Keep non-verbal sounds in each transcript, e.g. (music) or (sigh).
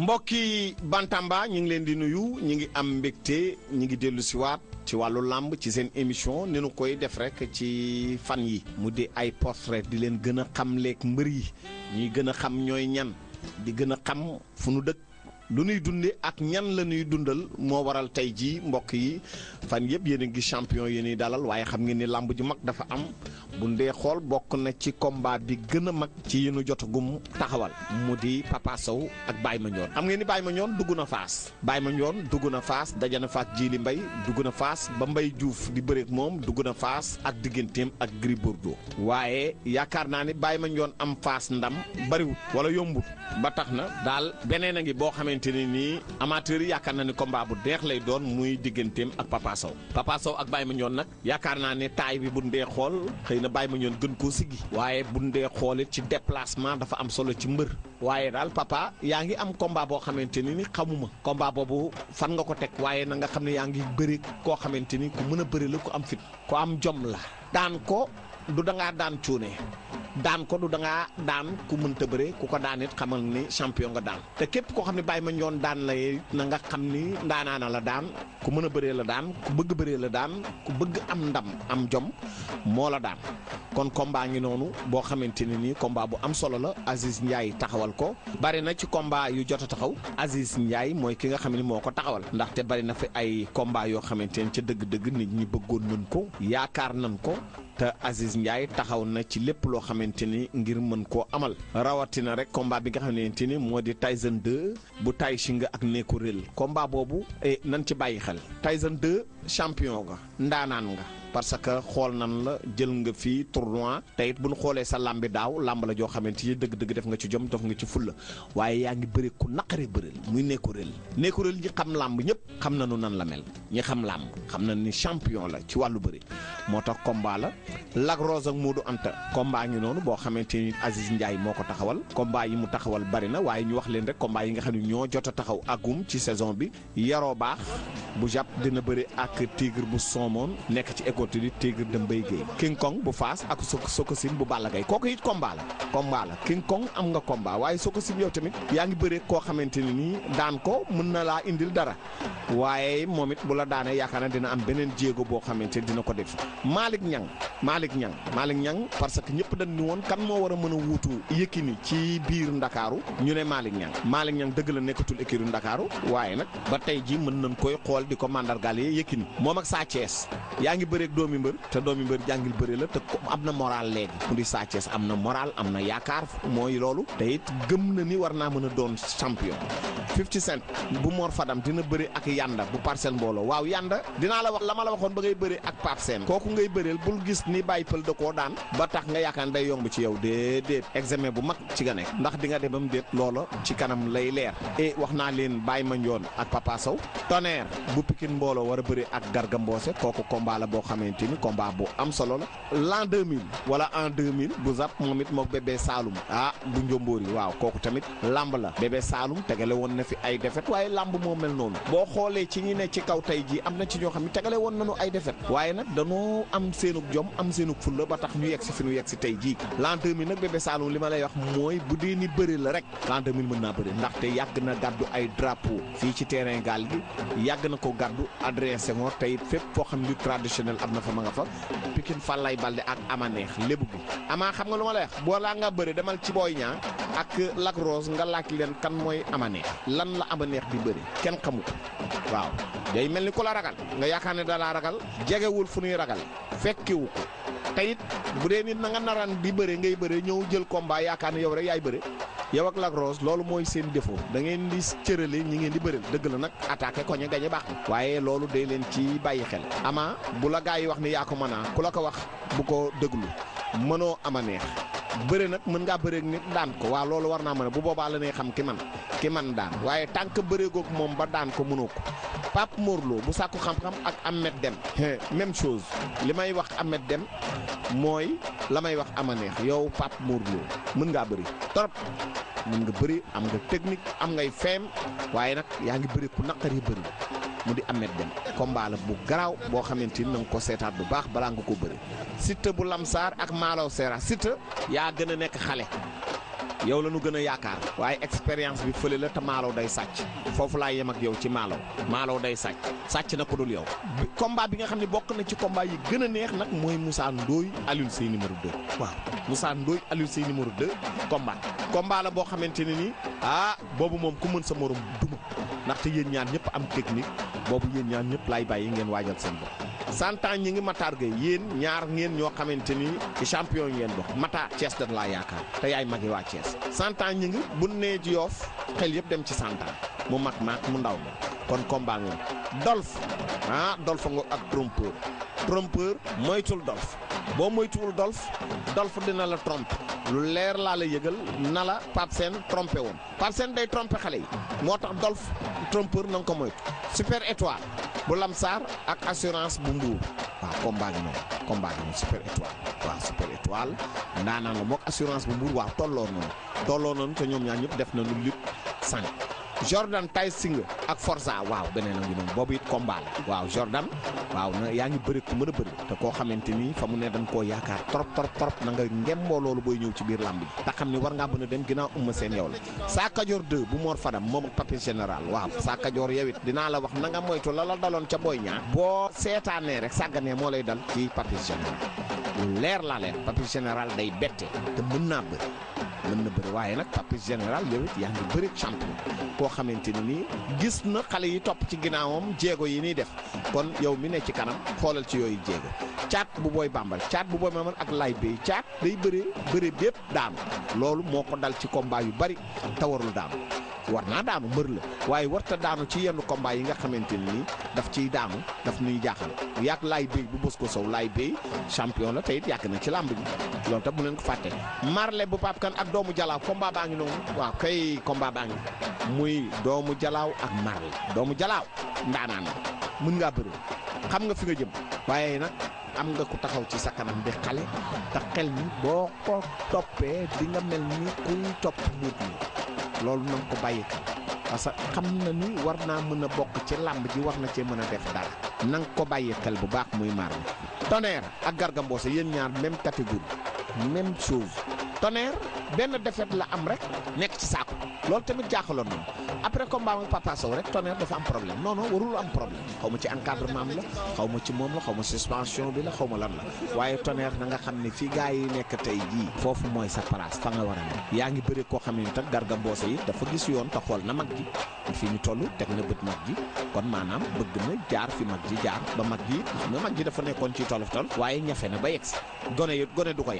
mbokki Bantamba ñu ngi leen di nuyu ñu ngi am mbégte ñu ngi dellu siwaat ci wàllu làmb ci seen émission nenu koy def rek ci fan yi mu di ay portrait di leen gën a xam leeg mbër yi ñuy gën a xam ñooy ñan di gën a xam fu nu dëkk lu nuy dunde ak ñan la ñuy dundal moo waral tey jii mbokk yi fan yëpp yéen a ngi champion yéen dalal waaye xam ngeen ni làmb ju mag dafa am buñ dee xool bokk na ci combat bi gën a mag ci yinu jot gum taxawal mu di Papa Sow ak bayma ñoon xam ngeen ni bayma ñoon dugg na fas Baye Mandione dugg na fas daje na Fass Djily dugg na Fass ba mbay juuf di bëreeg moom dugg na Fass ak digganteem ak gri Bordeaux waaye yaakaar naa ni bayma ñoon am Fass ndam bariwut wala yombut ba tax na daal beneen a ngi boo amateur yi na ni combat bu deex lay doon muy digganteem ak Papa Sow Papa Sow ak bayma ñoon nag yaakaar naa ne taay bi dee xool Baye Mandione gën koo siggi waaye buñ dee xoolit ci déplacement dafa am solo ci mbër waaye daal papa yaa ngi am combat boo xamante ni ni xamuma combat boobu fan nga ko teg waaye na nga xam ne yaa ngi bëri koo xamante ni ku mën a bëri la ku am fit ku am jom la daan ko du dangaa daan cuune daan ko du dangaa daan ku mënta bëre ku ko daan xamal ni champion nga daan te képp koo xam ne Baye Mandione daan la na nga xam ni ndaanaana la daan ku mën a bëree la daan ku bëgg bëree la daan ku bëgg am ndam am jom moo la daan kon combat ngi noonu boo xamante ne nii combat bu am solo la Aziz Ndiaye taxawal ko bari na ci combat yu jot a taxaw Aziz Ndiaye mooy ki nga xam ne moo ko taxawal ndaxte bari na fi ay combat yoo xamante ni ca dëgg-dëgg nit ñi bëggoon nañ ko yaakaar nañ ko te Aziz Ndiaye taxaw na ci lépp loo xamante ni ngir mën koo amal rawatina rek combat bi nga xamante ni moo di Tyson 2 bu Tay Shinga ak Neko Rell combat boobu eh, nan ci bàyyi xel Tyson 2 champion nga ndaanaan nga parce que xool nan la jël nga fii tournoi te it bu nu xoolee sa làmbi daaw làmb la joo xamante ni dëgg-dëgg def nga ci jom def nga ci fulla waaye yaa ngi bëri ku naqare bëril muy Néckorel Néckorel ñi xam làmb ñëpp xam na nañu nan la mel ñi xam làmb xam na ni champion la ci wàllu bëri moo tax combat la lagros Rose ak Modou Anta combat ngi noonu boo xamante ni Aziz Ndiaye moo ko taxawal combat yi mu taxawal bari na waaye ñu wax leen rek combat yi nga xam ne ñoo jot a taxaw agum ci saison bi yaroo baax nekk tigre bu soomoon nekk ci écoute di tigre dem bay géey king kong bu faas ak so sokosin bu Balla Gaye kooku it combat la combat la king kong am nga combat waaye sokosin yow tamit yaa ngi bëree koo xamante nii daan ko mën na laa indil dara waaye moom it bu la daanee yaakaar na dina am beneen jéego boo xamante ne dina ko def Malick Niang Malick Niang Malick Niang parce que ñëpp dañ woon kan moo war a mën a wuutu Yékini ci biir Ndakaaru ñu ne Malick Niang Malick Niang dëgg la nekkatul écurie Ndakaaru Tine moom ak Sa Thiès yaa ngi bëreeg doomi mbër te doomi mbër jàngil bëre la te am na moral léegi mu di Sa am na moral am na yaakaar mooy loolu te it gëm na ni war naa mën a doon champion. Fifty Cent bu Mor Fadam dina bëri ak Yanda bu Parcelles Mbooloo waaw Yanda dinaa la wax la la waxoon ba ngay bëri ak Pape seen kooku ngay bëreel bul gis ni bàyyi pël da koo daan ba tax nga yaakaar day yomb ci yow déedéet examen bu mag ci nga nekk ndax di nga demam déet loola ci kanam lay leer e wax naa leen Baye Mandione ak Papa ak Garga Mbossé kooku combat la boo xamante ni combat bu am solo la l'an 2000 wala en 2000 bu zap moom it mook bébé Saloum ah bu njomboor yi waaw kooku tamit lamb la bébé saalum tegale woon na fi ay defet waaye làmb moo mel noonu boo xoolee ci ñi ne ci kaw tey jii am na ci ñoo xam ne tegale woon nañu ay defet waaye nag danoo am seenug jom am seenug fulla ba tax ñu yegg si fi ñu yegg si tey jii l'an 2000 nag bébé Saloum li ma lay wax mooy bu dee ni bëri la rek l'an 2000 mën naa bëri ndaxte yàgg na gàddu ay drapeau fii ci terrain gaal gi yàgg na ko gàddu adressé Senghor te it fépp foo xam ni traditionnel am na fa ma nga fa Pikine Fallay Balde ak ama neex lébu bi amaa xam nga lu ma lay wax boo laa nga bëri demal ci booy ñaa ak lagros nga laaj leen kan mooy ama neex lan la ama neex di bëri kenn xamu ko waaw day mel ni ku la ragal nga yaakaar ne da laa ragal jegewul fu nuy ragal fekkiwu ko te it bu dee nit na nga naraan di bëre ngay bëre ñëw jël combat yaakaar ne yow rek yaay bëre yow ak lag Rose lolou moy seen défaut da ngeen di cërele ñi ngeen di bëril deug la nak attaquer ko gañe bax waye lolou de leen ci bayyi xel ama bu la gaay wax ni ya ko mëna ku la ko wax bu ko déglu mëno ama neex bëre nak mën nga bëre nit daan ko wa lolou war na mëna bu boba la ne xam ki man ki man daan tank bëre gok mom ba daan ko mëno ko pap Morlo bu sàkku xam-xam ak amet Dem même chose limay wax amet Dem moy lamay wax ama neex yow pap Morlo mën nga bëre torop mën nga bëri am nga technique am ngay feem waaye nag yaa ngi bëri ku naqari bëri mu di Ahmed Deme combat la bu garaaw boo xamante ni na ko seetaat bu baax balaa nga ko bëri Siteu bu Lamsaar ak Malaw Sera Siteu yaa gën a nekk xale yow la nu gën a yaakaar waaye expérience bi fële la te maalaw day sàcc foofu laa yem ak yow ci maalo maalaw day sàcc sàcc na ko dul yow combat bi nga xam ne bokk na ci combat yi gën a neex nag mooy Moussa Ndoye Alioune Seye numéro 2 waaw Moussa Ndoye Alioune Seye numéro 2 combat combat la boo xamante ne nii ah boobu moom ku mën sa morom duma ndaxte yéen ñaan ñëpp am technique boobu yéen ñaan ñëpp laay bàyyi ngeen waajal seen bopp santan ñi ngi Matar Gueye yéen ñaar ngeen ñoo xamante ni ci champion yi boo dox Matar Thiès laa yaakaar te yaay magi waa Thiès santan ñi ngi bu nee ci yoof xel yëpp dem ci santan mu mag maak mu ndaw ma kon combat nga dolf ah dolf nga ak trompeur trompeur moytul dolf boo moytuwul dolf dolf dina la trompe lu leer laa la yëgal na la Pape Sène trompé woon Pape Sène day trompé xale yi moo tax dolf trompeur na ko moytu super étoile bu Lamsaar ak assurance bu Mbour waaw combat gi noonu combat gi noonu super étoile waaw super étoile ndaanaan la mook assurance bu Mbour waaw tolloo noonu tolloo noonu te ñoom ñaar ñëpp def na nañu lutte sànq. Jordan Tyson ak Forza waaw benen ak ñoom bobu it combat Jordan wow na yaangi ngi bëri ku mën a bëri te ko xamanteni ni fa mu ne dañ ko yaakar trop trop trop na nga ngembo lolu boy ñew ci biir lamb ta xamni war nga bëna dem ginnaaw umma seen yow la saa 2 bu Mor Fadam mom ak papier général waaw saa kajoor yow it la wax na nga moytu la la dalon ca Boy Niang bo sétané rek sagané mo lay dal ci papier général lèr la lèr papier général day bété te mëna mën na bëri waaye nag Papis général yow it yaa ngi bëri champion koo xamante ne nii gis na xale yi topp ci ginnaawam jéego yi nii def kon yow mi ne ci kanam xoolal ci yooyu jéego caat bu booy bambal caat bu booy bambal ak laay bay caat day bëri bëri bépp daanu loolu moo ko dal ci kombaa yu bari tawarul daanu war naa daanu mbër la waaye war warta daanu ci yenn combat yi nga xamante ni nii daf ciy daanu daf nuy jaaxal yàgg laay béy bu bës ko sow laay béy champion la teyit yàgg na ci làmb ji loolu tam mu leen ko fàtte marle bu Pape Kane ak doomu jalaaw combat baa ngi noonu waaw kay combat baa ngi muy doomu jalaaw ak marle doomu jalaaw ndaanaan mën ngaa bëri xam nga fi nga jëm waaye nag am nga ku taxaw ci sa kanam di xale te xel mi boo ko toppee di nga mel ni kuy loolu na ko bàyyi parce que xam na ni war naa mën a bokk ci làmb ji wax na cee mën a def dara na nga ko bàyyi xel bu baax muy maar tonnerre ak Garga Mbossé yéen ñaar même catégorie même chose Tonnerre benn défaite la am rek nekk ci saako loolu tamit jaaxaloon nañu après combat ak Papa rek Tonnerre dafa am problème non non warul am problème xaw ma ci encadrement am la xaw ma ci moom la xaw ma suspension bi la xaw ma lan la waaye Tonnerre na nga xam ne fii gars yi nekk tey jii foofu mooy sa place fa nga war a ne yaa ngi bëri koo xam ne nag Garga Mbossé yi dafa gis yoon te xool na mag ji fi ñu toll teg na bët mag ji kon maanaam bëgg na jaar fi mag ji jaar ba mag ji xam mag ji dafa nekkoon ci tolof tolof waaye ñafe na ba yegg si gone yi gone du ko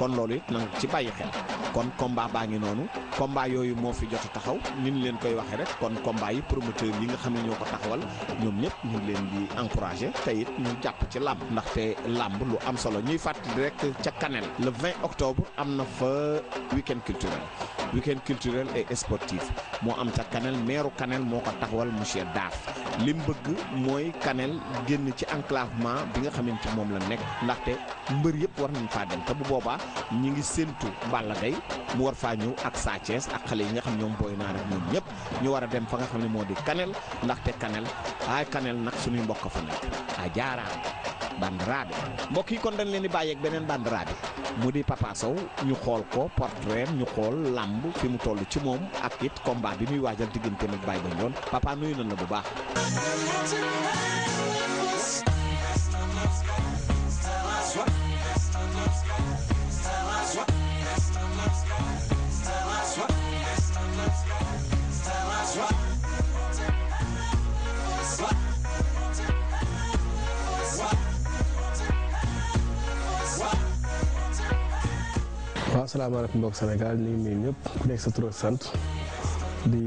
kon loolu it ci bàyyi xel kon combat baa ngi noonu combat yooyu moo fi jot taxaw ni ñu leen koy waxee rek kon combat yi promoteur yi nga xam ñoo ko taxawal ñoom ñëpp ñu leen di encouragé te it ñu jàpp ci làmb ndaxte làmb lu am solo ñuy fàttali rek ca Kanel le 20 octobre am na fa week-end culturel week-end culturel et sportif moo am ca Kanel meeru Kanel moo ko taxawal monsieur Daaf li mu bëgg mooy Kanel génn ci enclavement bi nga xamante ci moom la nekk ndaxte mbër yëpp war nañ faa dem te bu boobaa ñi ngi séentu mu war Thiès ak xale yi nga xam ñoom booy naa rek ñoom ñëpp ñu war a dem fa nga xam ne moo di ndax te kaneel ay kaneel nag suñuy mbokk fa nekk a jaaraam bandiraaɓe mbokk yi kon dañ leen di bàyyeeg beneen bandiraaɓe mu di Papa Sow ñu xool ko portrait ñu xool làmb fi mu toll ci moom ak it combat bi muy waajal digganteem ak Baye Mandione papa nuyu nañ la bu baax Assalamualaikum mbokk Sénégal ñu ngi nuyu ku nekk sa tur sant di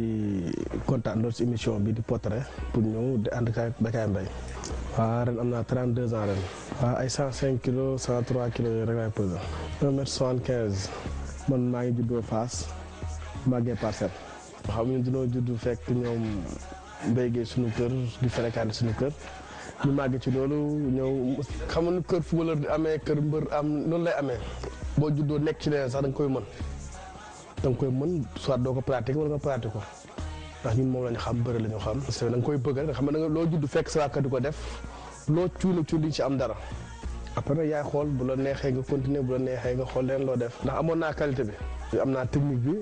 kontaan lool émission bi di portrait pour ñëw di ànd ak Bécaye Mbaye waaw ren am 32 ans ren waaw ay 105 kilos 103 kilos yooyu rek laay pesé 1 75 man maa ngi juddoo Fass màggee parcelle xam ñu dinoo juddu fekk ñoom béygee suñu kër di fréquenté suñu kër ñu màgg ci loolu ñëw xamuñu kër footballeur di amee kër am lay boo juddoo nekk ci leneen sax da koy mën da mën soit doo ko pratiquer wala nga pratiquer ko ndax ñun moom la ñu xam bëri la xam. parce da nga koy bëgg rek xam nga loo judd fekk sa wàkkat di ko def loo cuuna cuun di ci am dara après nag yaay xool bu la neexee nga continuer bu neexee nga xool leen loo def. ndax amoon naa qualité am naa technique bi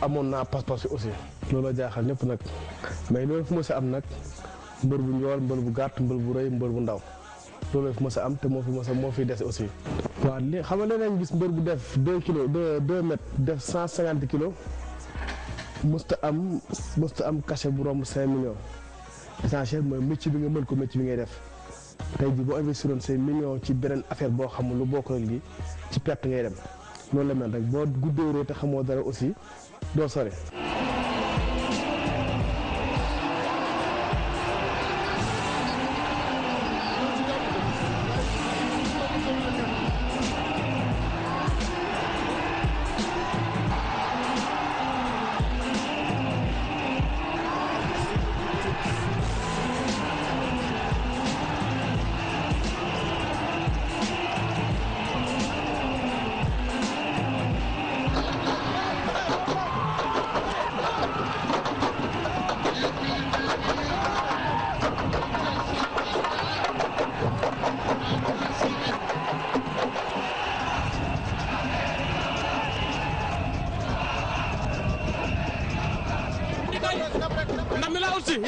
amoon naa pas-pas bi aussi. looloo jaaxal ñëpp nag mais loolu fu ma si am nag mbër bu njool mbër bu gàtt mbër bu rëy mbër bu ndaw loolu fi ma sa am te moo fi ma sa moo fi des aussi waa li xam nga leneen gis mbër bu def deux kilo deux deux mètres def cent cinquante kilos mësta am mësta am cachet bu romb cinq millions essentiel mooy métier bi nga mën ko mecc bi ngay def tey jii boo investiroon say millions ci beneen affaire boo xamul lu bokk ak lii ci perte ngay dem loolu la mel rek boo guddeeroo te xamoo dara aussi doo sore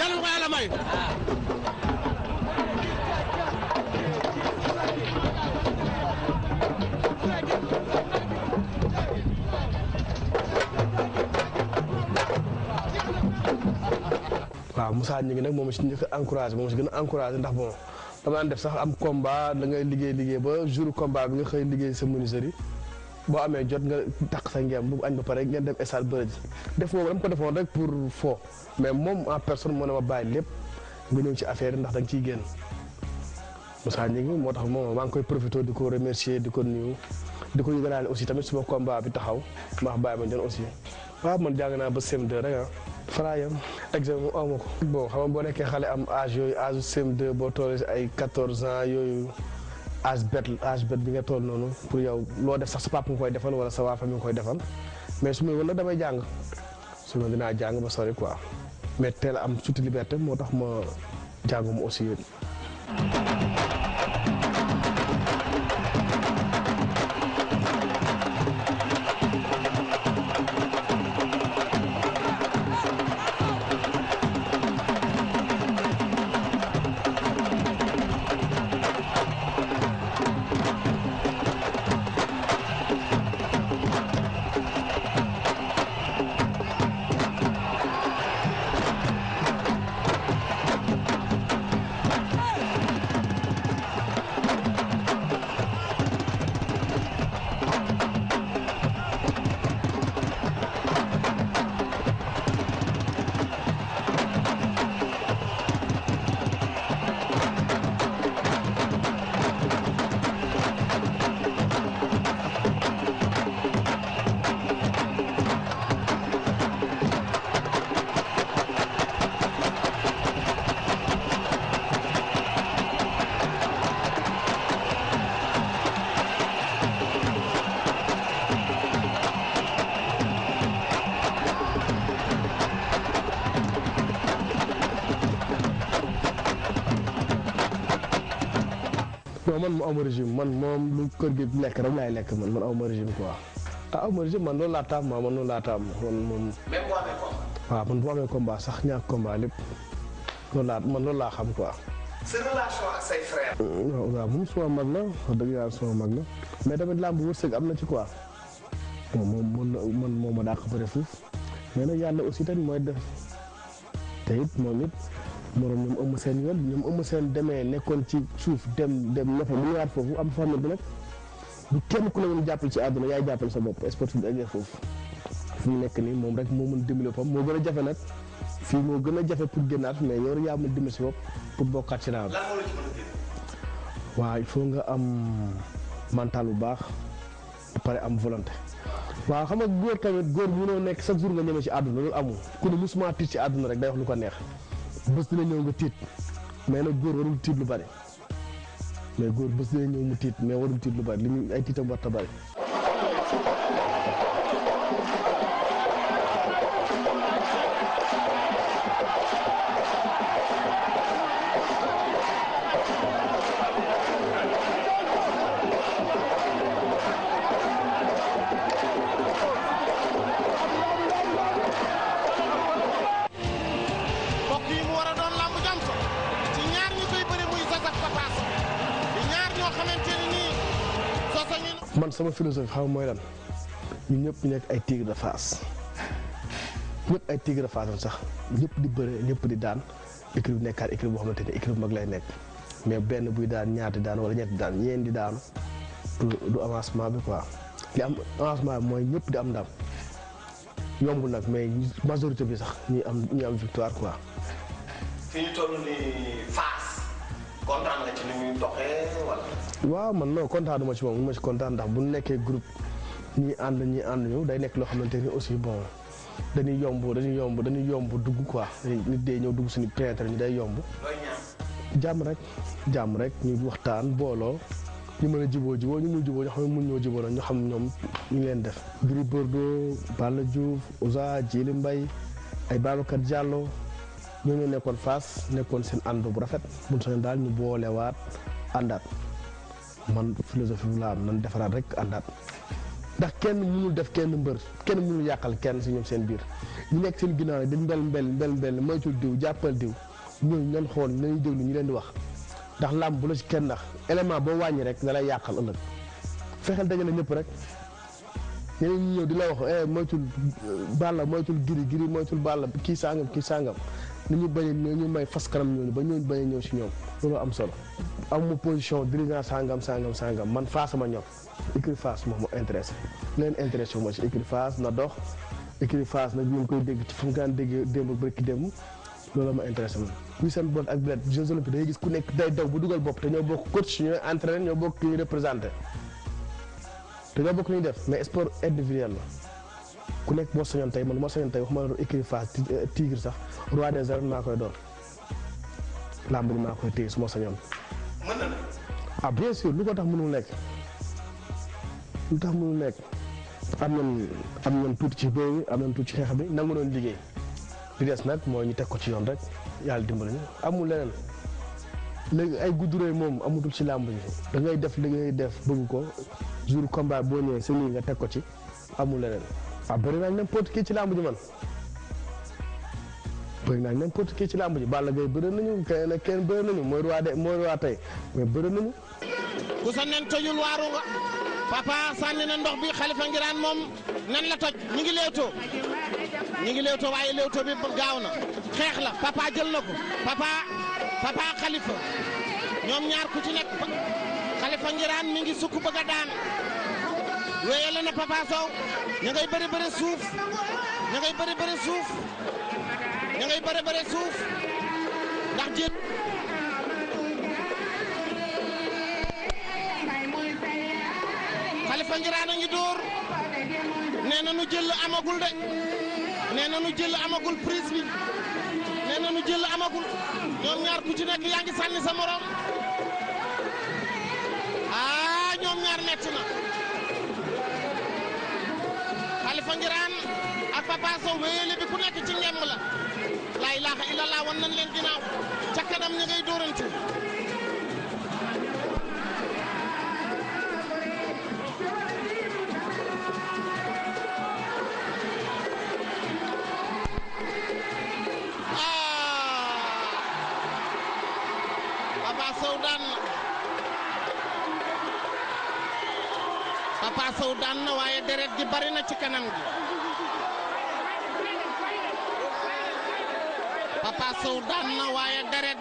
yàlla na ko yàlla may waaw Moussa ñu ngi nag moom si njëkk encouragé moom si gën a encouragé ndax bon dama daan def sax am combat da ngay liggéey liggéey ba jour combat bi nga xëy liggéey sa menuiserie boo amee jot nga takk sa ngeem bu añ ba pare ngeen dem stade bëre def moom dama ko defoon rek pour fo mais moom en ah, personne moo ne ma bàyyi lépp nga ñëw ci affaire yi ndax da nga ciy génn Moussa Gningue moo tax moom maa ngi koy profité di ko remercier di ko nuyu di ko yëgalaale aussi tamit suma combat bi taxaw maa bàyyi ma jën aussi waaw man jàng naa ba CM2 rek ah faraayam examen ma bon xam nga boo nekkee am âge yooyu âge CM2 boo tollee ay 14 ans yooyu âge bet âge bet bi nga toll noonu pour yow loo def sax sa papa nga koy defal wala sa waa famille nga koy defal mais su ma wala damay jàng sinon dinaa jàng ba sori quoi mais teel a am tuuti liberté moo tax ma jàngum aussi yéen. man mu am régime man moom lu kër gi lekk rek laay lekk man man am régime quoi ah am régime man loolu laa taam ma man loolu laa taam man boo amee combat. waaw man boo amee combat loolu laa xam quoi. sa moom suma mag na wax dëgg yàlla mais tamit làmb wërsëg am na ci quoi moom moom man moom ma dàq bëre fuuf mais nag yàlla aussi tamit moom it. moroom ñoom ëmm seen yoon ñoom ëmm seen demee nekkoon ci suuf dem dem na fa foofu am foo xam ne nag du kenn ku la mën jàppale ci àdduna yaay jàppale sa bopp sportif bi eggee foofu. fu mu nekk nii moom rek moo mën dimbali boppam moo gën a jafe nag fii moo gën a jafe pour génnaat mais yow yaa mën dimbali si bopp pour bokkaat ci raam. waaw il faut nga am mental bu baax ba pare am volonté. waaw xam nga góor tamit góor bu nekk chaque jour nga ñeme ci àdduna loolu amul ku ne ci àdduna rek day lu ko neex. bés dina ñëw nga tiit mais na góor warul tiit lu bari mais góor bés dina ñëw mu tiit mais warul tiit lu bari li ñu ay tiitam war ta man sama philosophie xam mooy lan ñun ñëpp nekk ay tigre de Fass ñëpp ay tigre de Fass sax ñëpp di bëre ñëpp di daan équipe bu nekkaat équipe boo xamante ne équipe mag lay nekk mais benn buy daan ñaar di daan wala ñetti daan ñeen di daanu du avancement bi quoi li am avancement bi mooy ñëpp di am ndam yombul nag mais majorité bi sax ñuy am ñuy victoire quoi. waaw man non kontaanu ma ci moom ma kontaan ndax bu nekkee group ñi ànd ñi ànd ñu day nekk loo xamante ni aussi bon dañuy yomb dañuy yomb dañuy yomb dugg quoi nit day ñëw dugg si suñu prêtre ñu day yomb. jàmm rek jàmm rek ñu waxtaan booloo ñu mën a juboo juboo ñu mën juboo ñoo xam ne mën ñoo juboo nag ñu xam ñoom ñu leen def. Gris Bordeaux Balla Diouf Ouza Djily Mbaye ay Babacar Diallo. ñu ñu nekkoon Fass nekkoon seen ànd bu rafet buñ soñu daal ñu waat àndaat man philosophie bu la am nan defaraat rek àndaat ndax kenn mënul def kenn mbër kenn mënul yàqal kenn si ñoom seen biir ñu nekk seen ginnaaw di mbel mbel mbel mbel moytul diw jàppal diw ñooñu nan xool nañu déglu ñu leen di wax ndax làmb bu la si kenn ndax élément boo wàññi rek da lay yàqal ëllëg fexeel dajale ñëpp rek ñeneen ñi ñëw di la wax eh, moytul bàlla moytul giri giri moytul bàlla kii sàngam kii sàngam ni ñu bañ ñu may fas kanam ñooñu ba ñooñu bañ a ñëw si ñoom loolu am solo amuma position dirigeant sangam sangam sangam man Fass ma ñor écurie Fass moom ma intéressé leen intéressé wu ma si écurie Fass na dox écurie Fass nag ñu ngi koy dégg ci fu mu daan dégg démb bërki démb loolu ma intéressé moom Usain Bolt ak Bled Jeux Olympiques day gis ku nekk day daw bu dugal bopp te ñoo bokk coach ñooy entraîné ñoo bokk ki ñu représenté te ñoo bokk li ñu def mais sport individuel la ku nekk moo sañoon tey man moo sañoon tey waxuma la écurie Fass euh, Tigre sax roi des arènes maa koy doon làmb ji maa koy téye su sañoon. mën na ah lu ko tax mënul nekk lu tax mënul nekk am na am nañ tuuti ci bëy bi am nañ tuuti ci xeex bi nangu doon liggéey li des nag mooy ñu teg ko ci yoon rek yàlla dimbali ñu amul leneen. léegi ay gudduree moom amutul ci làmb ji da ngay def li ngay def bëgg ko jour combat boo ñëwee sa nii nga teg ko ci amul leneen. waaw bëri naa n'importe qui ci làmb ji man bëri naa n'importe ci làmb ji Balla Gaye bëri nañu kenn kenn nañu mooy roi tey mais bëri nañu. ku nen tojul waaru nga papa sànni na ndox bi xalifa ngiraan moom nen la toj ñu ngi léewtoo ñu ngi léewtoo waaye léewtoo gaaw na xeex la papa jël na ko papa xalifa ñoom ñaar ku ci nekk xalifa ngiraan mi sukk bëgg a daan. wéyale na Papa Sow ña ngay bëri bëri suuf ña ngay bëri bëri suuf ña ngay bëri bëri suuf ndax jéem. Xalifa Ngiraan a ngi dóor nee na nu jël amagul de nee na nu jël amagul prise bi na nu jël amagul ñoom ñaar ku ci nekk yaa ngi sànni sa morom ah ñoom ñaar metti na. Alpha Ngiraan ak Papa Sow wéyale bi ku nekk ci ngemb la laa ilaaha illallah wan nañ leen ginnaaw ca kanam ña ngay Papa Sow daan na waaye deret gi bari na ci kanam gi Papa Sow daan na waaye deret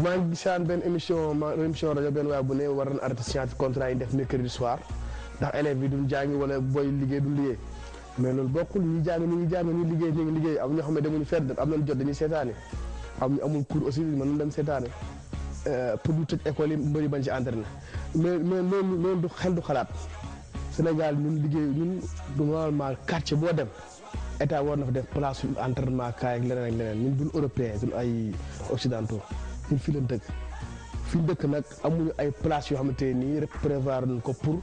maa ngi benn émission rajo benn waaye bu ne war nañ arrêté signature contrat yi def soir ndax élèves yi du jàngi wala booy liggéey duñ liggéey mais loolu bokkul ñi jàng ñi ngi jàng ñi liggéey ñi ngi liggéey am ñoo xam ne demuñu fenn am nañ jot dañuy seetaane am ñu amul cours aussi mën nañ dem seetaane. Euh, pour ñu tëj école yi mbëri bañ si entraîné mais mais loolu loolu du xel du xalaat Sénégal ñun liggéey ñun du normalement quartier boo dem état war na fa def place suñu entraînement kaay ak leneen ak leneen ñun duñ européen duñ ay occidentaux ñun fii lañ dëkk. fii dëkk nag amuñu ay place yoo xamante nii rek prévoir nañ ko pour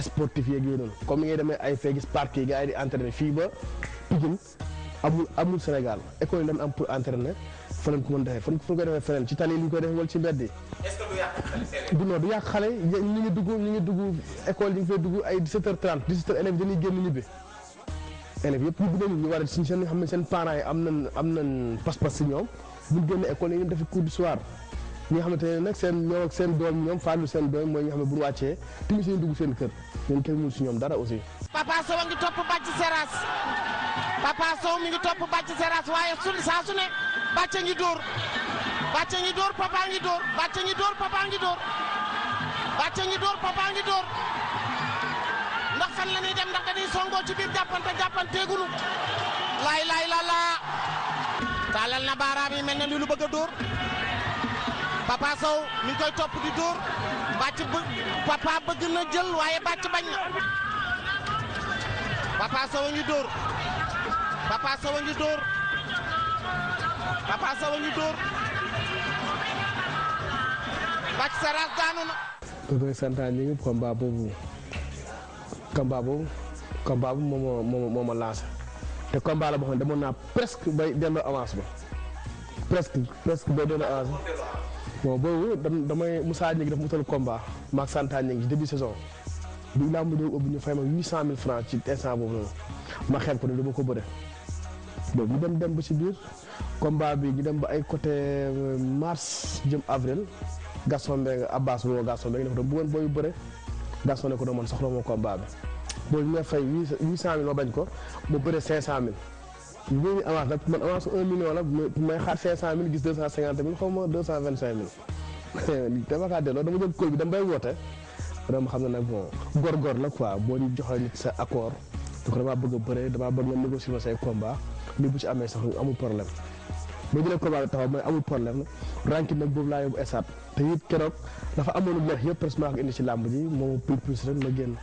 sportif yeeg yooyu noonu comme ngay demee ay fee gis parc yi gars yi di entraîné fii ba Pikine amul amul Sénégal école yi lañ am pour entraîner. fa lañ ko mën defee fan fu ñu feneen ci tali li ñu koy defee wala ci mbedd du yàq xale. xale ñu ngi dugg école yi ñu ngi fay dugg ay 17h30 17h élèves dañuy génn ñibbi. élèves yëpp ñibbi nañu ñu war a suñu seen xam ne seen parents yi am nañ am nañ pas ñoom buñ génne école yi ñu def cours du xamante ne nag seen ñoom ak seen doom ñoom faalu seen doom mooy ñi xam ne bu ñu wàccee timis ñu dugg seen kër ñoom kenn mënu si ñoom dara aussi. Papa Sow a ngi topp bàcc Seras Papa Sow ngi topp bàcc Seras waaye saa su ne bàcce ngi dóor bàcce ngi dóor papa ngi dóor bàcce ngi dóor papa ngi dóor bàcce ngi dóor papa ngi dóor ndax fan la dem ndax dañuy songoo ci biir jàppante jàppanteegunu laay laay la laa taalal na baaraam yi mel na ni lu bëgg a dóor papa Sow mi ngi koy topp di dóor bàcc bë papa bëgg na jël waaye bàcc bañ na papa Sow a ngi dóor papa Sow a ngi dóor Papa Sow a ngi dóor Bathie Seras daanu na. boobu combat boobu combat boobu moo ma moo te combat la boo xam ne demoon naa presque bay avance ba presque presque bay delloo avance damay Moussa ñu ngi mu utal combat maag santaan ñu ngi début saison bi laa mu doon ubbi ñu fay ma huit cent mille francs ci instant boobu noonu ma xeeb ko ne dama ko bëre ñu dem dem ba ci biir. combat bi ñu dem ba ay côté euh, mars jëm avril Gaston Mbengue Abbas bu woo Gaston Mbengue ne ko bëggoon booy bëre Gaston ne ko doon man soxla moo combat bi. boobu ñu may fay huit cent mille ma bañ ko mu bëre cinq cent mille bu ñu avance nag man avance un million la may xaar cinq cent (laughs) xam ne nag bon góorgóor la quoi boo ñu joxee nit sa accord donc damaa bëgg a bëre damaa bëgg nga négocier ma say combat. lii bu ci amee sax amul problème ba jëlee combat taxaw mooy amul problème ranki nag boobu laa yóbbu esaat te it keroog dafa amoon lu neex yëpp presque maa ko indi ci làmb ji moo pil plus rek ma génn.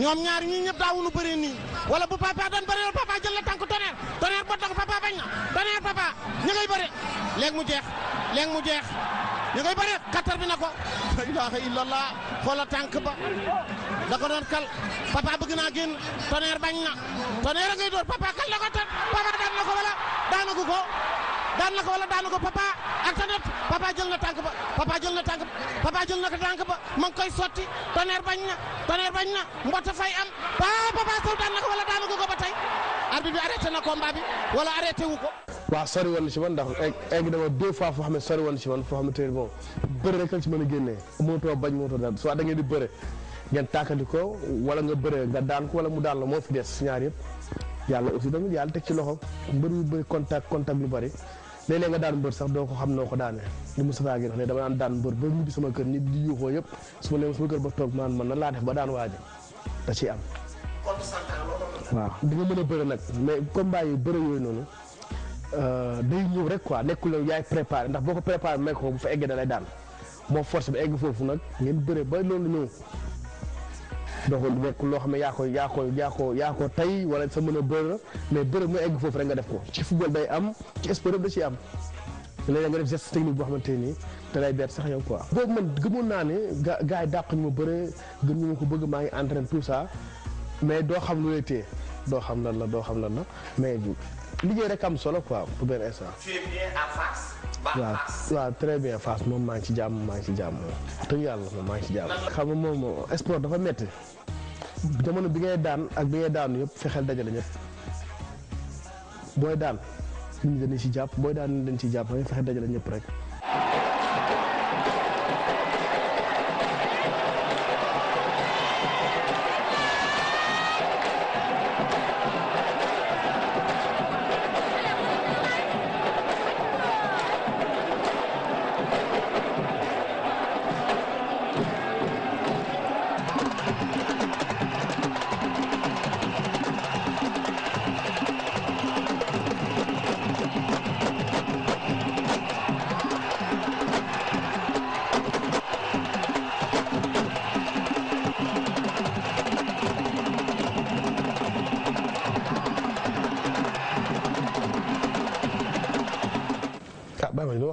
ñoom ñaar ñi ñëpp daawuñu bëree nii wala bu papa daan bëree papa jël la tànk tonnerre tonnerre ba tax papa bañ na tonnerre papa ñu ngay bëre léegi mu jeex léegi mu jeex. ñu ngay bare kattar bi na ko la ilaha illallah xoola tànk ba da ko doon kal papa bëgg génn tonnerre bañ na tonnerre ngay door papa kal na ko tan papa daan na ko wala daanagu ko daan na ko wala daanagu papa ak tanet papa jël na tànk ba papa jël na tànk papa jël na ko ba ma koy sotti tonnerre bañ na tonnerre bañ na mbota fay am papa saw daan na ko wala daanagu ko ba tey arbitre bi arrêté na combat bi wala arrêté wu ko waaw sori woon na ci man ndax egg dama ne sori woon na ci man foo xam ne tey bon bëre rek la ci mën a génnee mootoo wala nga bëre nga daan ko wala mu daan la moo fi des ñaar yëpp yàlla aussi tamit yàlla teg ci loxo mbër yu bëri contact contact lu bëri léeg-léeg nga daan mbër sax doo xam noo ko daanee li Moustapha Gueye wax daan daan mbër ba ñibbi sama kër ñibbi yëpp su ma nee sama kër ba na laa def ba daan waaji da ciy am waaw di nga mën a bëri nag mais combat yi bëri yooyu noonu Euh, day ñëw rek quoi nekkul yaay préparé ndax boo ko préparé may ko bu fa eggee da daan moo force bi egg foofu nag ngeen bëre ba loolu ñëw donc nekk loo xam ne yaa ko yaa ko yaa ko ko tey wala sa mën a bëre mais bëre mu egg foofu rek nga def ko ci football day am ci sport da ciy am léeg-léeg nga def geste technique boo xamante nii da lay bett sax yow quoi. boobu man gëmoon naa ne ga gars yi dàq ñu ma bëre gën ñu ma ko bëgg maa ngi entraîné tout ça mais doo xam lu lay téye doo xam lan la doo xam lan la mais. liggéey rek am solo quoi pour benn instant. tu bien à Fass. waaw waaw très bien Fass moom maa ngi ci jàmm maa ngi ci jàmm te yàlla moom maa ngi ci jàmm. xam nga moom sport dafa métti jamono bi ngay daan ak bi ngay daanu yëpp fexeel dajale ñëpp booy daan nit ñi dañu ci jàpp booy daan nit ñi dañu ci jàpp fexe dajale ñëpp rek.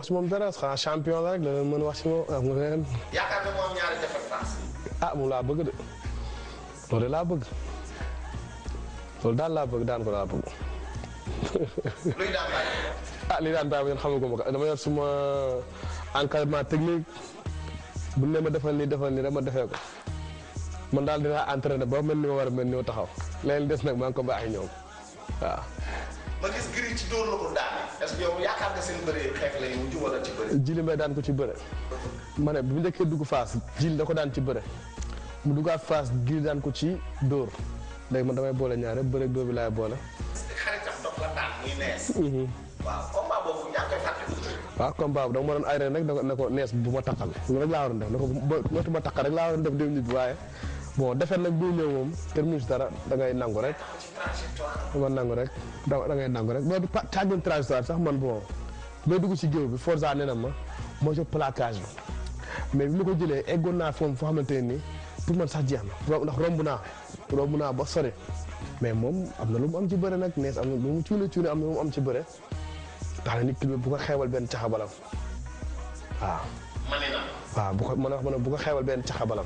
maximum moom champion leg, rek la leen mën wax si moom am mu ah moom laa bëgg de loolu de laa bëgg loolu daal laa ah li daan bàyyi ma yéen xamaguma ko dama yor suma encadrement technique bu ne ma defal nii defal nii rek ma defee est-ce daan ko ci bëre. mane bu ñu njëkkee dugg faas jili da ko daan ci bëre mu duggaat faas jili daan ko ci dóor léegi man damay boole ñaar rek bëre bi laay boole. xaritam dox mhm. waaw combat boobu yaa ngi koy fàttali. da ma doon ay rek ne ko nees bu ma taqal rek laa waroon def ne ko moytu ma taqal rek laa waroon def dem nit waaye. bon defet nag buy ñëw moom terminus dara da ngay nangu rek da nga nangu rek da ngay nangu rek mais du tàggoon transitoire sax man bon mais dugg ci géew bi Forza nee na ma moo ci placage bi mais bi ma ko jëlee eggoon naa foofu foo xamante ne nii pour man sax jeex na ndax romb naa romb naa ba sori mais moom am na lu mu am ci bëre nag nees am na lu mu cuune cuune am na lu mu am ci bëre tax na nit ki bu ko xeewal benn caxabalam waaw. ma ne la waaw bu ko mën a wax ma ne bu ko xeewal benn caxabalam.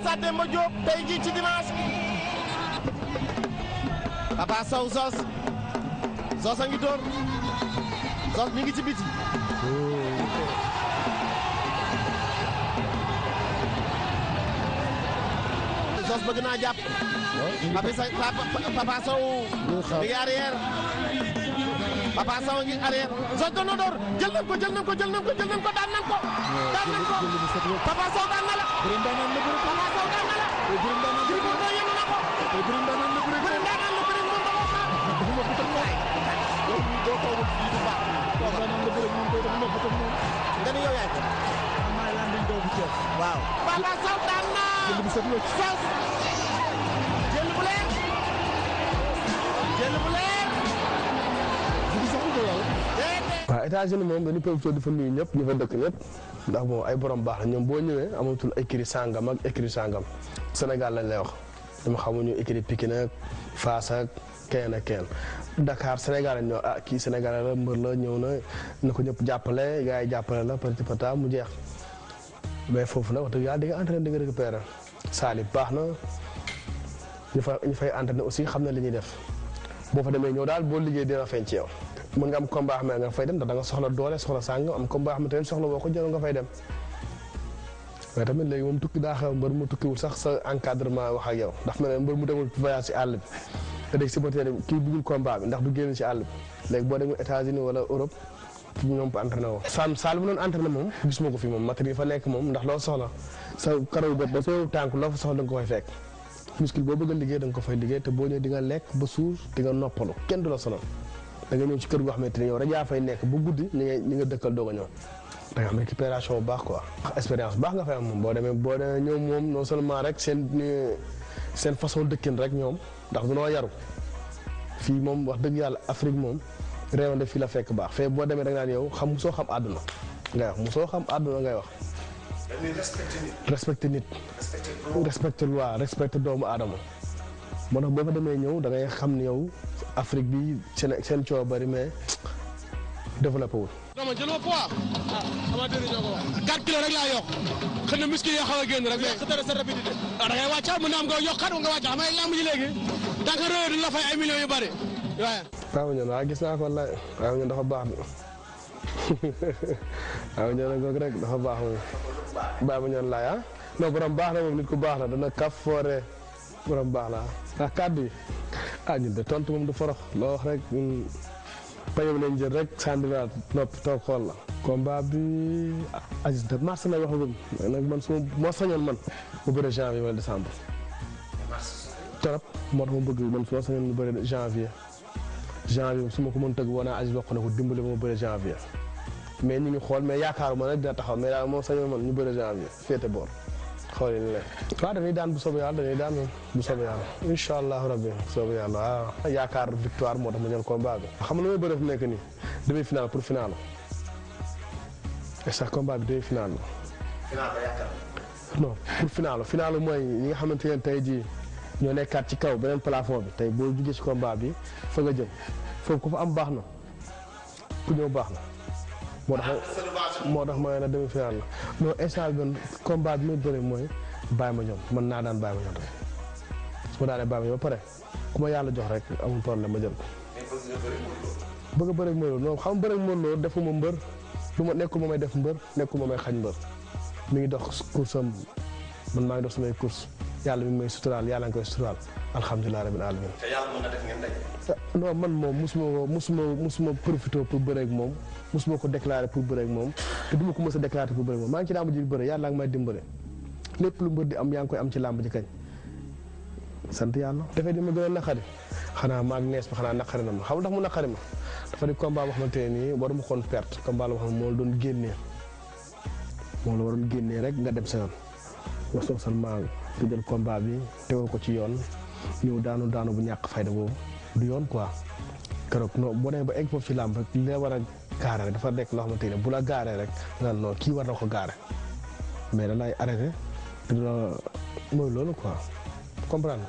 stade Demba Diop tey jii ci dimanche Papa Sow Zoss Zoss a ngi dóor Zoss mi ngi ci biti Zoss bëgg naa jàpp Papa Sow mi ngi arrière Papa Sow ngi arrière Zoss doon na door jël nañ ko jël nañ ko jël nañ ko jël nañ ko daan nañ ko. daan nañ ko Papa Sow daan na la. Birame daan naan la Birame. Papa Sow daan na la. Birame daan naan la Birame doo yëngu na ko. Birame daan naan la Birame. Birame daan naan la Birame moom da koo xaar. moom bu tënk waay. yow mii doo ko wut fii du baax. waaw daan naan la Birame moom day def moom bu tënk moom. nga ni yow yaay ko. man maa ngi laan dañ doo bu ceeb. waaw. Papa Sow daan naa. jël bu set la Zoss. jël bu leer. jël bu leer. états moom dañu profité di fa nuyu ñëpp ñu fa dëkk ñëpp ndax bon ay borom baax la ñoom boo ñëwee amatul écrit sangam ak écrit sangam Sénégal lañ lay wax dama xamuñu écrit Pikine ak Fass ak kenn ak kenn Dakar Sénégal ñoo ah kii Sénégal la mbër la ñëw na na ko ñëpp jàppale gars yi jàppale la mu jeex mais foofu nag wax dëgg yàlla di nga di nga récupérer Salib baax na ñu fa ñu fay entraîné aussi xam na li ñuy def boo fa demee ñëw daal boo liggéey dina yow mën nga am combat xam nga fay dem da nga soxla doole soxla sàng am combat xam ne soxla woo ko jël nga fay dem mais tamit léegi moom tukki daa xam mbër mu tukkiwul sax sa encadrement wax ak yow ndax mel ne mbër mu demul voyage si àll bi te dégg supporter bi kii bëggul combat bi ndax du génn si àll bi léegi boo demul États-Unis wala Europe ñoom ko entraîné woo sam saal bu doon entraîné moom gisuma ko fi moom matériel fa nekk moom ndax loo soxla sa karaw bët ba soo tànk loo fa soxla da nga ko fay fekk muscle boo bëgg a liggéey da nga ko fay liggéey te boo ñëwee di nga lekk ba suur di nga noppalu kenn du la sonal da nga ñew ci kër goo xamante ne yow rek fay nekk bu gudd ni nga ni nga dëkkal doog a da nga am récupération bu baax quoi expérience baax nga fay am moom boo demee boo demee ñoom non seulement rek sen sen façon dëkkin rek ñoom ndax dunoo yaru fi mom wax dëgg yalla afrique mom réew réewande fi la fekk baax fee bo démé da nga ñew xam so xam aduna nga wax mu so xam aduna ngay wax respecté nit nit respecté loi respecté doomu aadama moo tax boo fa demee ñëw da xam ne yow Afrique bi seen seen coow bari mais développé wul. Ah, ko wax. rek laa yokk xëy na muscle yi génn rek. mais dara sa rapidité. ah da ngay wàccaat ah, naa nga yokkaat nga wàccaat xam nga làmb léegi tant que réew du la fay ay millions yu bari waaye. Paa Mignane waaw gis naa ko wallaay Paa Mignane dafa baax Paa (laughs) Mignane googu dafa baax moom Paa Mignane laay ah. baax na moom nit ku baax la dana kaf foore. borom baax la ndax kàddu yi ah ñun de tontu moom forox loo wax rek ñun payam lañ jël rek sànniwaat toog xool la. combat bi a ah, de mars na wax ak man su ma sañoon man mu bëre janvier wala décembre. torop moo tax ma bëgg man su ma sañoon mu bëre janvier. janvier ma ko mën tëgg woon naa Aziz wax na ko dimbali ma bëre janvier mais ñu ngi xool mais yaakaaruma nag dina taxaw mais daal moo sañoon man ñu bëre janvier féete xool yi la waaw dañuy daan bu soobee yàlla dañuy daan bu soobee yàlla incha allah rabbi soobee yàlla waaw yaakaar victoire moo tax ma jël combat bi xam nga lu may nekk nii demi final pour final et mooy ñi nga xamante ne tey jii ñoo nekkaat ci kaw beneen plafond bi tey boo jugee ci combat bi fa nga jëm foofu ku fa am baax na ku ñëw baax na moo tax moo tax ma ne demi final la moo instant bi man combat bi muy bëri mooy bàyyi ma ñoom man naa daan bàyyi ma ñoom rek su ma daanee bàyyi ma ñoom ba pare ku ma yàlla jox rek amul la ma jël ko. bëgg a bëri ak Modou Lo xam bëri mbër du ma nekkul ma may def mbër nekkul ma may xañ mbër mu ngi dox course am man maa ngi dox samay course yàlla mi ngi may suturaal yàlla nga koy suturaal alhamdulilah rabbil alamin. non man moom musuma musuma musuma profité pour bëre moom musuma ko déclaré pour bëre moom te duma ko mës a déclaré pour bëre ak moom maa ngi ci làmb ji bëre yàlla nga may dimbale lépp lu mu mbër di am yaa ngi koy am ci làmb ji kañ sant yàlla dafay di ma gën a naqari xanaa maag nees ba xanaa naqari na ma xam ndax mu naqari ma dafa di combat boo xamante ne nii waruma koon perte combat la boo xam doon génnee la waroon génnee rek nga dem sa yoon wasoog seulement nga jël bi tegoo ko ci yoon ñëw daanu daanu bu ñàkk fayda boobu du yoon quoi keroog no boo demee ba egg foofu ci làmb rek li la war a gaare rek dafa nekk loo xamante ne bu la gaaree rek naan non kii war na ko gaare mais da arrêté dina mooy loolu quoi comprendre.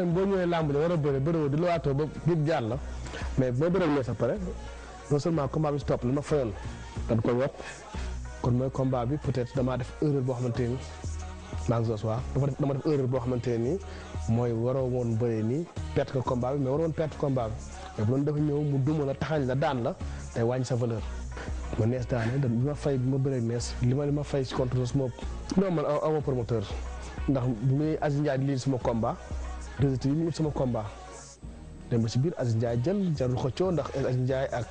tamit boo ñëwee làmb ji war a bëri bëriwoo di lowaatoo ba gis jaar la mais boo bëree ne sa pare moo seulement combat bi si ma fayoon dañ koy yokk kon mooy combat bi peut-être def erreur boo xamante ni maa ngi sos dafa def dama def erreur boo xamante nii mooy waroo woon bëree nii perte ko combat bi mais waroo woon perte combat bi mais ñëw mu duma la taxañ la daan la day wàññi sa valeur ma nees daane li ma fay bi ma bëree nees li ma li ma fay si contre sos moom non man aw ma promoteur ndax bu muy Aziz Ndiaye lii suma combat 2STV yi mu ut sama combat dem ba si biir Aziz Ndiaye jël jarul xëccoo ndax eh, Aziz Ndiaye eh, ak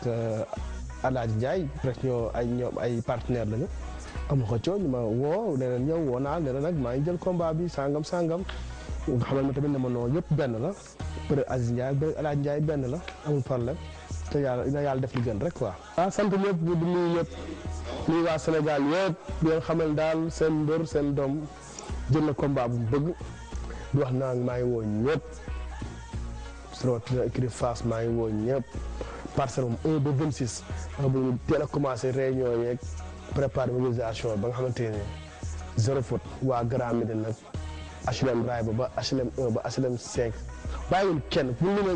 Alaaji Ndiaye presque ñoo ay ñoom ay partenaire lañu amul xëccoo ñu ma woo nee na ñëw woo naa nee na nag maa ngi jël combat bi sangam sangam nga xamal ma tamit ne ma noonu yëpp benn la bëre Aziz Ndiaye bëre Alaaji Ndiaye benn la amul problème te yàlla dina yàlla def li gën rek quoi. waaw ah, sant ñëpp di nuyu ñëpp nuyu waa Sénégal yëpp di leen xamal daal seen mbër seen doom jël na combat bu bëgg. du wax naa maa ngi woo ñëpp rawatina écurie maa ngi woon ñëpp parcelle moom 1 ba 26 nga bëgg teel a commencé réunion yeeg préparer mobilisation ba nga xamante ne zéro faute waa Grand Médine nag HLM raay ba ba HLM 1 ba HLM 5 bàyyiwul kenn pour lu may